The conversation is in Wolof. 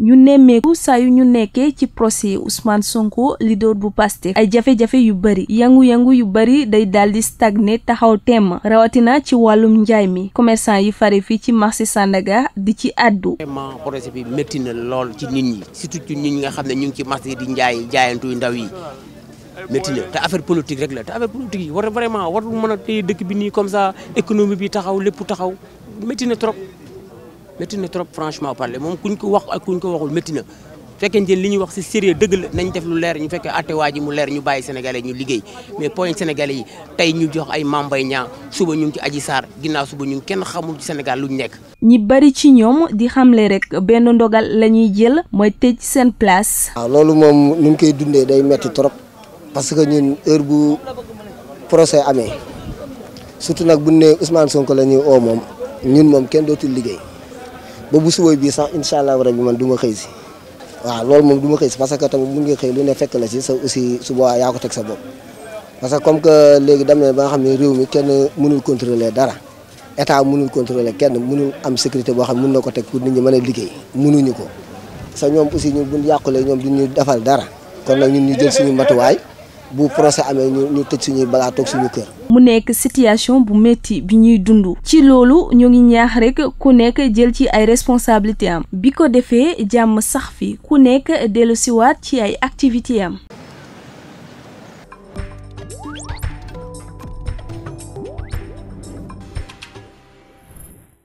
ñu nemmeeku sayu ñu nekkee ci procès usmaan Ousmane Sonko leader bu Pastef ay jafe-jafe yu bëri yangu-yangu yu bari day daldi di stagné taxaw temm rawatina ci wàllum njaay mi commerçant yi fare fii ci marché Sandaga di ci àddu vraiment procès bi métti na lool ci nit ñi surtout ñi nga xam ne ñu ngi ci marché di njaay jaayantu yu ndaw yi métti na te affaire politique rek la te affaire politique yi war vraiment warul mën a téye dëkk bi nii comme ça économie bi taxaw lépp taxaw métti na trop métti na trop franchement parler moom kuñ ko wax ak kuñ ko waxul métti na fekkee njël li ñu wax si sérieux dëgg la nañ def lu leer ñu fekkee atte waa ji mu leer ñu bàyyi sénégalais ñu liggéey mais point sénégalais yi tey ñu jox ay mambay ñaa suba ñu ngi ci aji saar ginnaaw suba ñu kenn xamul ci sénégal luñ nekk ñi bari ci ñoom di xamle rek benn ndogal la ñuy jël mooy tëj seen place ah, loolu moom ñu koy dundee day metti trop parce que ñun heure bu procès amee surtout nag bu ne Ousmane Sonko la ñuy oo moom ñun moom kenn dootu liggéey ba bu suba bii sax incha allah rabi man du ma xëy si waaw loolu moom du ma xëy si parce que tamit mun nga xëy lu ne fekk la si sa aussi suba yaa ko teg sa bopp. parce que comme que léegi dem ne ba xam ne réew mi kenn mënul contrôler dara état mënul contrôler kenn mënul am sécurité boo xam ne mën na ko teg pour nit ñu mën a liggéey mënuñu ko sa ñoom aussi ñun bu yàqulee ñoom du ñu defal dara kon nag ñun ñu jël suñu matuwaay. bu procès amee ñu ñu suñu kër. mu nekk situation bu metti bi ñuy dundu ci loolu ñu ngi ñaax rekk ku nekk jël ci ay responsabilité am. bi ko defee jàmm sax fi ku nekk dellusiwaat ci ay activité